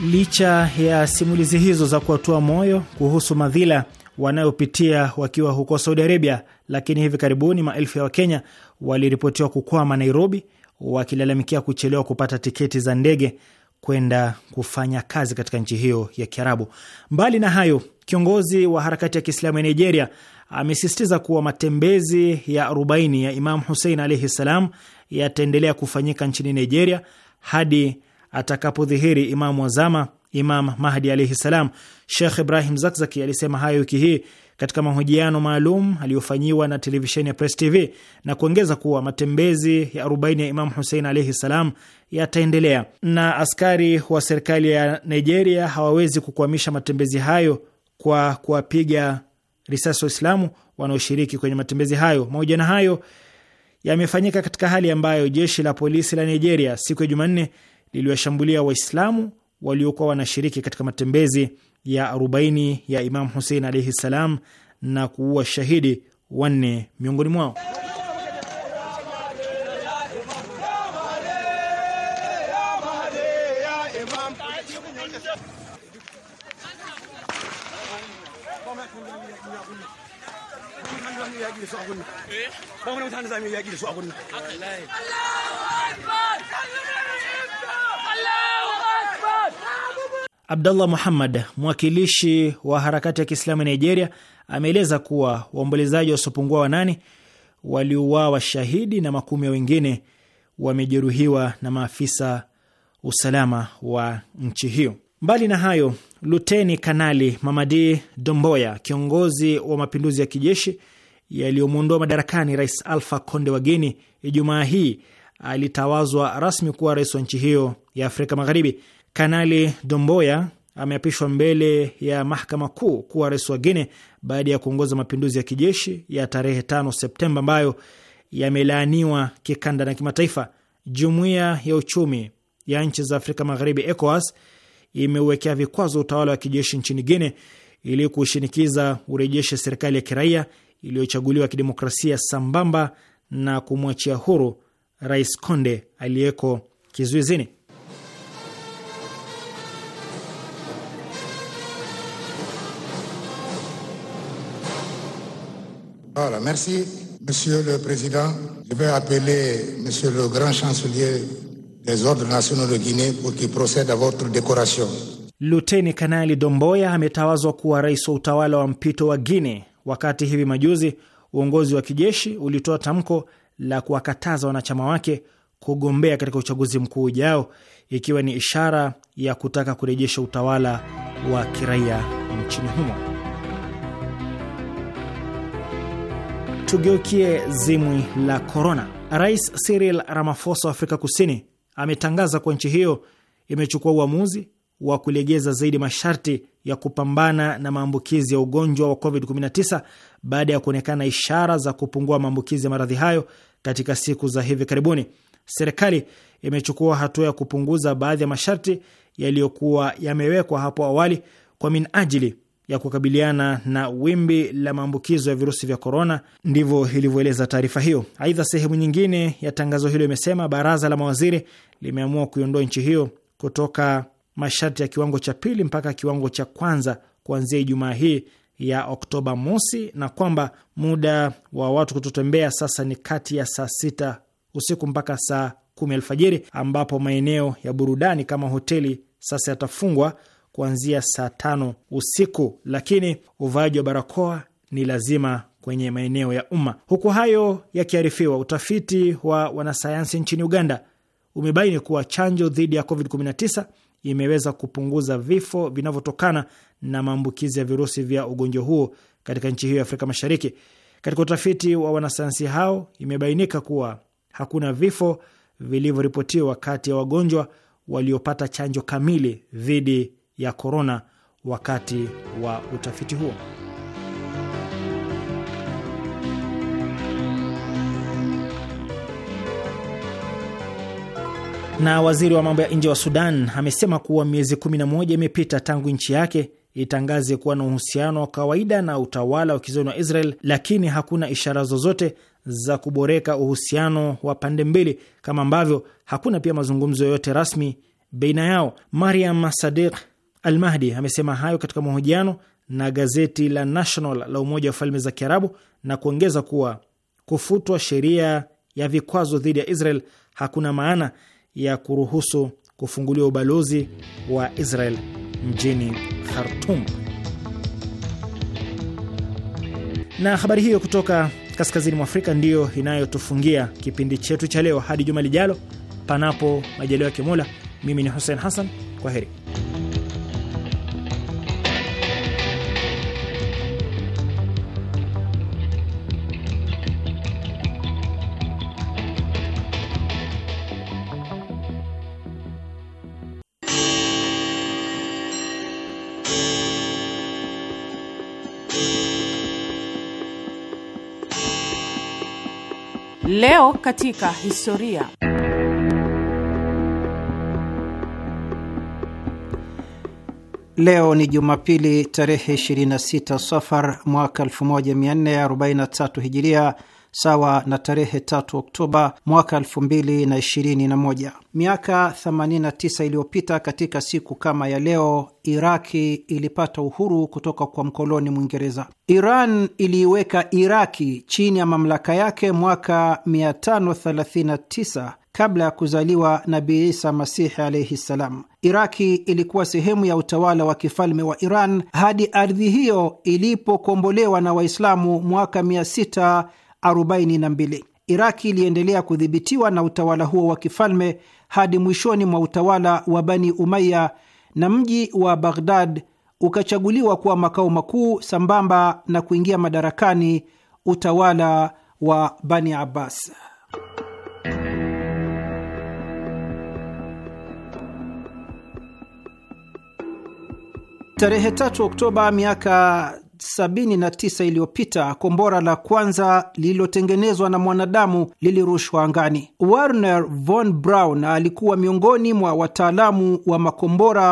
Licha ya simulizi hizo za kuwatua moyo kuhusu madhila wanayopitia wakiwa huko Saudi Arabia, lakini hivi karibuni maelfu ya Wakenya waliripotiwa kukwama Nairobi wakilalamikia kuchelewa kupata tiketi za ndege kwenda kufanya kazi katika nchi hiyo ya Kiarabu. Mbali na hayo, kiongozi wa harakati ya Kiislamu ya Nigeria amesisitiza kuwa matembezi ya arobaini ya Imam husein alaihi salam yataendelea kufanyika nchini Nigeria hadi atakapodhihiri Imamu wazama Imam Mahdi alaihi salam. Shekh Ibrahim Zakzaki alisema hayo wiki hii katika mahojiano maalum aliyofanyiwa na televisheni ya Press TV na kuongeza kuwa matembezi ya arobaini ya Imamu Husein alaihi salam yataendelea na askari wa serikali ya Nigeria hawawezi kukwamisha matembezi hayo kwa kuwapiga risasi Waislamu wanaoshiriki kwenye matembezi hayo. Mahojiano hayo yamefanyika katika hali ambayo jeshi la polisi la Nigeria siku ya Jumanne liliwashambulia Waislamu waliokuwa wanashiriki katika matembezi ya 40 ya Imam Husein alaihi ssalam na kuua shahidi wanne miongoni mwao. Eh? Abdallah Muhammad, mwakilishi wa harakati ya Kiislamu ya Nigeria, ameeleza kuwa waombolezaji wasiopungua wanane waliuawa washahidi na makumi ya wengine wamejeruhiwa na maafisa usalama wa nchi hiyo. Mbali na hayo, Luteni Kanali Mamadi Domboya, kiongozi wa mapinduzi ya kijeshi yaliyomwondoa madarakani Rais alfa Konde wa Guini, Ijumaa hii alitawazwa rasmi kuwa rais wa nchi hiyo ya Afrika Magharibi. Kanali Domboya ameapishwa mbele ya mahakama kuu kuwa rais wa Guine baada ya kuongoza mapinduzi ya kijeshi ya tarehe 5 Septemba ambayo yamelaaniwa kikanda na kimataifa. Jumuiya ya uchumi ya nchi za Afrika Magharibi, ECOWAS, imeuwekea vikwazo utawala wa kijeshi nchini Guine ili kushinikiza urejeshe serikali ya kiraia iliyochaguliwa kidemokrasia sambamba na kumwachia huru Rais Konde aliyeko kizuizini. Voilà, merci. Monsieur le Président, je vais appeler Monsieur le Grand Chancelier des Ordres Nationaux de Guinée pour qu'il procède à votre décoration. Luteni Kanali Domboya ametawazwa kuwa rais wa utawala wa mpito wa Guinea, wakati hivi majuzi uongozi wa kijeshi ulitoa tamko la kuwakataza wanachama wake kugombea katika uchaguzi mkuu ujao, ikiwa ni ishara ya kutaka kurejesha utawala wa kiraia nchini humo. Tugeukie zimwi la korona. Rais Cyril Ramaphosa wa Afrika Kusini ametangaza kuwa nchi hiyo imechukua uamuzi wa kulegeza zaidi masharti ya kupambana na maambukizi ya ugonjwa wa COVID-19 baada ya kuonekana ishara za kupungua maambukizi ya maradhi hayo katika siku za hivi karibuni. Serikali imechukua hatua ya kupunguza baadhi ya masharti yaliyokuwa yamewekwa hapo awali kwa minajili ya kukabiliana na wimbi la maambukizo ya virusi vya korona, ndivyo ilivyoeleza taarifa hiyo. Aidha, sehemu nyingine ya tangazo hilo imesema baraza la mawaziri limeamua kuiondoa nchi hiyo kutoka masharti ya kiwango cha pili mpaka kiwango cha kwanza kuanzia Ijumaa hii ya Oktoba mosi, na kwamba muda wa watu kutotembea sasa ni kati ya saa sita usiku mpaka saa kumi alfajiri, ambapo maeneo ya burudani kama hoteli sasa yatafungwa kuanzia saa tano usiku, lakini uvaaji wa barakoa ni lazima kwenye maeneo ya umma. Huku hayo yakiarifiwa, utafiti wa wanasayansi nchini Uganda umebaini kuwa chanjo dhidi ya COVID-19 imeweza kupunguza vifo vinavyotokana na maambukizi ya virusi vya ugonjwa huo katika nchi hiyo ya Afrika Mashariki. Katika utafiti wa wanasayansi hao, imebainika kuwa hakuna vifo vilivyoripotiwa kati ya wagonjwa waliopata chanjo kamili dhidi ya korona wakati wa utafiti huo. Na waziri wa mambo ya nje wa Sudan amesema kuwa miezi 11 imepita tangu nchi yake itangaze kuwa na uhusiano wa kawaida na utawala wa kizoni wa Israel, lakini hakuna ishara zozote za kuboreka uhusiano wa pande mbili, kama ambavyo hakuna pia mazungumzo yoyote rasmi baina yao. Mariam Sadiq Al Mahdi amesema hayo katika mahojiano na gazeti la National la Umoja wa Falme za Kiarabu na kuongeza kuwa kufutwa sheria ya vikwazo dhidi ya Israel hakuna maana ya kuruhusu kufunguliwa ubalozi wa Israel mjini Khartum. Na habari hiyo kutoka kaskazini mwa Afrika ndiyo inayotufungia kipindi chetu cha leo. Hadi juma lijalo, panapo majaliwa ya kimola mimi ni Hussein Hassan, kwa heri. Leo katika historia. Leo ni Jumapili tarehe 26 Safar mwaka 1443 Hijiria sawa na tarehe 3 Oktoba mwaka 2021. Miaka 89 iliyopita katika siku kama ya leo, Iraki ilipata uhuru kutoka kwa mkoloni Mwingereza. Iran iliiweka Iraki chini ya mamlaka yake mwaka 539 kabla ya kuzaliwa nabi Isa Masihi alaihi ssalam. Iraki ilikuwa sehemu ya utawala wa kifalme wa Iran hadi ardhi hiyo ilipokombolewa na Waislamu mwaka 600 42. Iraki iliendelea kudhibitiwa na utawala huo wa kifalme hadi mwishoni mwa utawala wa Bani Umaya na mji wa Baghdad ukachaguliwa kuwa makao makuu sambamba na kuingia madarakani utawala wa Bani Abbas. Tarehe 3 Oktoba miaka 79 iliyopita kombora la kwanza lililotengenezwa na mwanadamu lilirushwa angani. Werner von Braun alikuwa miongoni mwa wataalamu wa makombora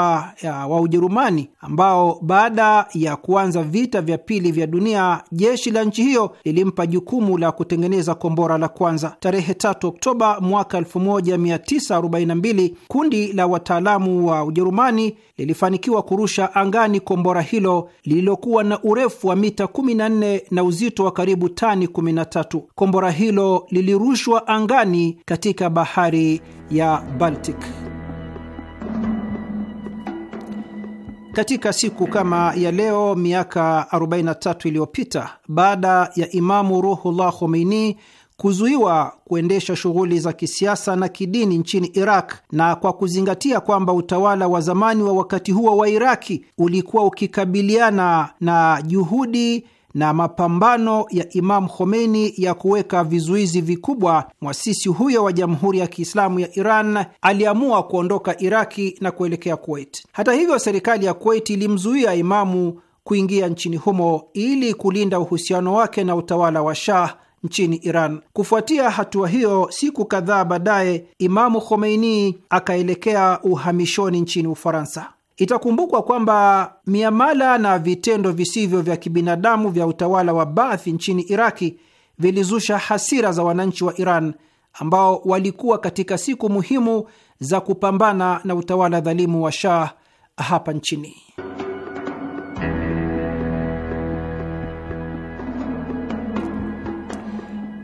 wa Ujerumani ambao baada ya kuanza vita vya pili vya dunia jeshi la nchi hiyo lilimpa jukumu la kutengeneza kombora la kwanza. Tarehe 3 Oktoba mwaka 1942 kundi la wataalamu wa Ujerumani lilifanikiwa kurusha angani kombora hilo lililokuwa na urefu wa mita 14 na uzito wa karibu tani 13. Kombora hilo lilirushwa angani katika bahari ya Baltic. Katika siku kama ya leo miaka 43 iliyopita, baada ya Imamu Ruhullah Khomeini kuzuiwa kuendesha shughuli za kisiasa na kidini nchini Iraq, na kwa kuzingatia kwamba utawala wa zamani wa wakati huo wa Iraki ulikuwa ukikabiliana na juhudi na mapambano ya Imam Khomeini ya kuweka vizuizi vikubwa, mwasisi huyo wa Jamhuri ya Kiislamu ya Iran aliamua kuondoka Iraki na kuelekea Kuwait. Hata hivyo, serikali ya Kuwait ilimzuia Imamu kuingia nchini humo ili kulinda uhusiano wake na utawala wa Shah nchini Iran. Kufuatia hatua hiyo, siku kadhaa baadaye, Imamu Khomeini akaelekea uhamishoni nchini Ufaransa. Itakumbukwa kwamba miamala na vitendo visivyo vya kibinadamu vya utawala wa Baathi nchini Iraki vilizusha hasira za wananchi wa Iran ambao walikuwa katika siku muhimu za kupambana na utawala dhalimu wa Shah hapa nchini.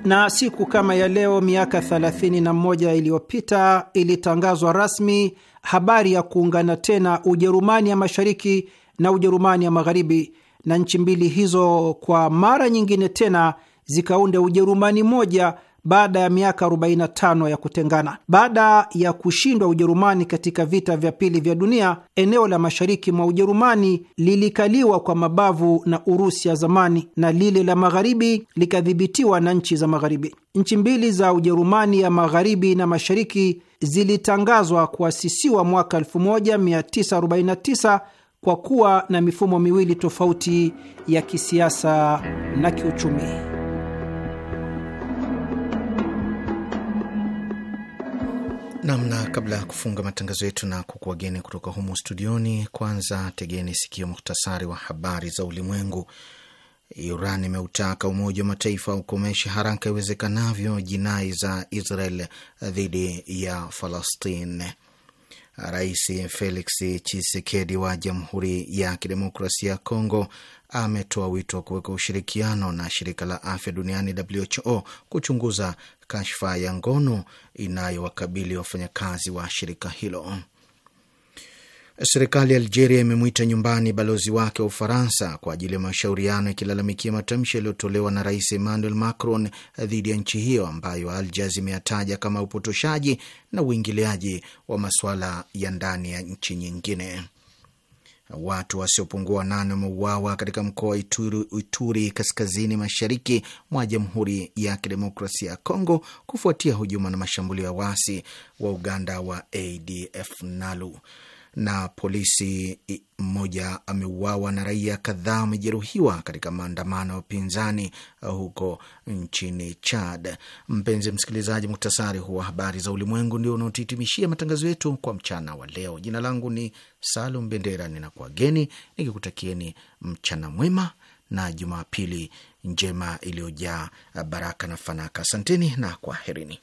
na siku kama ya leo miaka 31 iliyopita ilitangazwa rasmi habari ya kuungana tena Ujerumani ya mashariki na Ujerumani ya magharibi, na nchi mbili hizo kwa mara nyingine tena zikaunda Ujerumani moja baada ya miaka 45 ya kutengana. Baada ya kushindwa Ujerumani katika vita vya pili vya dunia, eneo la mashariki mwa Ujerumani lilikaliwa kwa mabavu na Urusi ya zamani na lile la magharibi likadhibitiwa na nchi za magharibi. Nchi mbili za Ujerumani ya magharibi na mashariki zilitangazwa kuasisiwa mwaka 1949 kwa kuwa na mifumo miwili tofauti ya kisiasa na kiuchumi. namna. Kabla ya kufunga matangazo yetu na kukuwageni kutoka humu studioni, kwanza tegeni sikio muhtasari wa habari za ulimwengu. Iran imeutaka Umoja wa Mataifa ukomeshe haraka iwezekanavyo jinai za Israel dhidi ya Falastine. Rais Felix chisekedi wa Jamhuri ya Kidemokrasia ya Kongo ametoa wito wa kuweka ushirikiano na shirika la afya duniani WHO kuchunguza kashfa ya ngono inayowakabili wafanyakazi wa shirika hilo. Serikali ya Algeria imemwita nyumbani balozi wake wa Ufaransa kwa ajili ya mashauriano, ikilalamikia matamshi yaliyotolewa na Rais Emmanuel Macron dhidi ya nchi hiyo ambayo Aljaz imeyataja kama upotoshaji na uingiliaji wa masuala ya ndani ya nchi nyingine. Watu wasiopungua wanane wameuawa katika mkoa wa Ituri, Ituri kaskazini mashariki mwa Jamhuri ya Kidemokrasia ya Kongo kufuatia hujuma na mashambulio ya waasi wa Uganda wa ADF NALU na polisi mmoja ameuawa na raia kadhaa wamejeruhiwa katika maandamano ya upinzani uh, huko nchini Chad. Mpenzi msikilizaji, muktasari huwa habari za ulimwengu ndio unaotuhitimishia matangazo yetu kwa mchana wa leo. Jina langu ni Salum Bendera, ninakuageni nikikutakieni mchana mwema na Jumapili njema iliyojaa uh, baraka na fanaka. Asanteni na kwaherini.